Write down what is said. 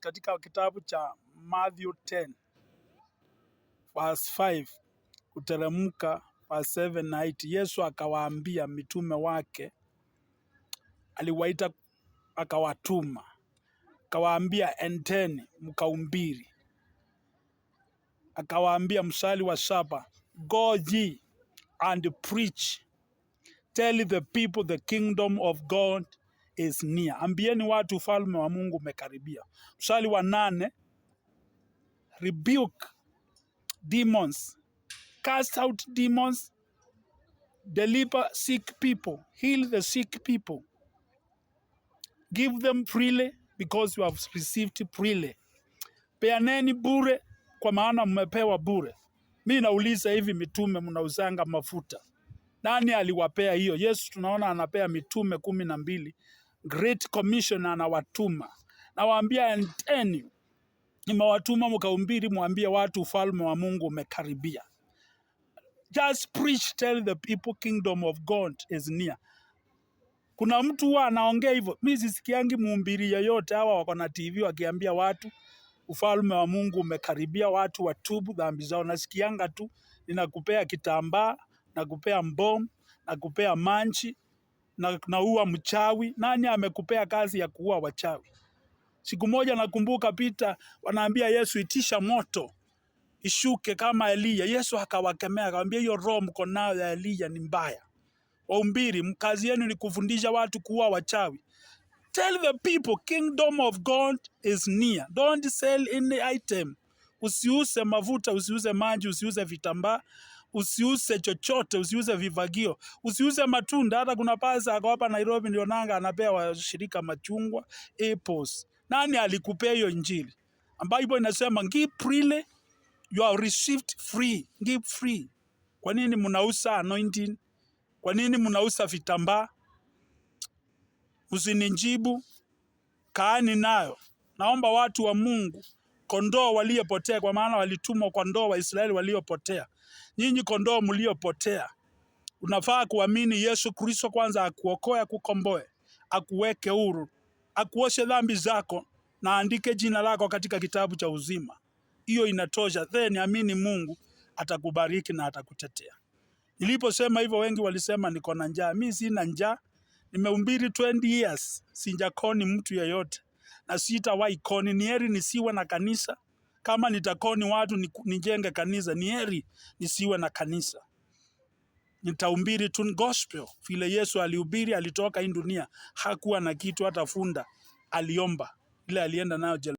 katika kitabu cha Matthew 10 verse 5 uteremka verse 7 na 8, Yesu akawaambia mitume wake, aliwaita akawatuma, akawaambia enteni mkaumbiri, akawaambia msali wa saba, go ye and preach tell the people the kingdom of God is near. Ambieni watu ufalme wa Mungu umekaribia. Mstari wa nane, rebuke demons, cast out demons, deliver sick people, heal the sick people, give them freely because you have received freely. Peaneni bure kwa maana mmepewa bure. Mi nauliza hivi, mitume mnauzanga mafuta, nani aliwapea hiyo? Yesu tunaona anapea mitume kumi na mbili Great Commission anawatuma, nawaambia enteni, nimewatuma mkaumbiri, mwambie watu ufalme wa Mungu umekaribia. Just preach, tell the people kingdom of God is near. Kuna mtu huwa anaongea hivyo, mi sisikiangi muumbiri yoyote Hawa wako na TV wakiambia watu ufalme wa Mungu umekaribia, watu watubu dhambi zao. Nasikianga tu, ninakupea kitambaa, nakupea mbom, nakupea manchi, na naua mchawi. Nani amekupea kazi ya kuua wachawi? Siku moja nakumbuka Pita wanaambia Yesu, itisha moto ishuke kama Eliya. Yesu akawakemea akawambia, hiyo roho mko nayo ya Eliya ni mbaya. Waumbiri, kazi yenu ni kufundisha watu kuua wachawi. Tell the people kingdom of God is near. Don't sell any item. Usiuze mafuta, usiuze maji, usiuze vitambaa usiuze chochote, usiuze vivagio, usiuze matunda. Hata kuna pasa hapa Nairobi, nilionanga anapea washirika machungwa, apples. Nani alikupea hiyo Injili ambayo inasema give freely you are received free, give free? Kwa nini mnauza anointing? Kwa nini mnauza vitambaa? Usininjibu, kaani nayo. Naomba watu wa Mungu kondoo waliopotea, kwa maana walitumwa kwa ndoo Israeli waliopotea. Nyinyi kondoo mliopotea, unafaa kuamini Yesu Kristo kwanza, akuokoe, akukomboe, akuweke huru, akuoshe dhambi zako na andike jina lako katika kitabu cha uzima. Hiyo inatosha. Then amini Mungu atakubariki na atakutetea. Niliposema hivyo, wengi walisema niko na njaa. Mimi sina njaa, nimehubiri 20 years, sinjakoni mtu yeyote na sitawahi koni. Ni heri nisiwe na kanisa kama nitakoni watu nijenge kanisa. Ni heri nisiwe na kanisa, nitahubiri tu gospel vile Yesu alihubiri. Alitoka hii dunia hakuwa na kitu, hata funda aliomba, ile alienda nayo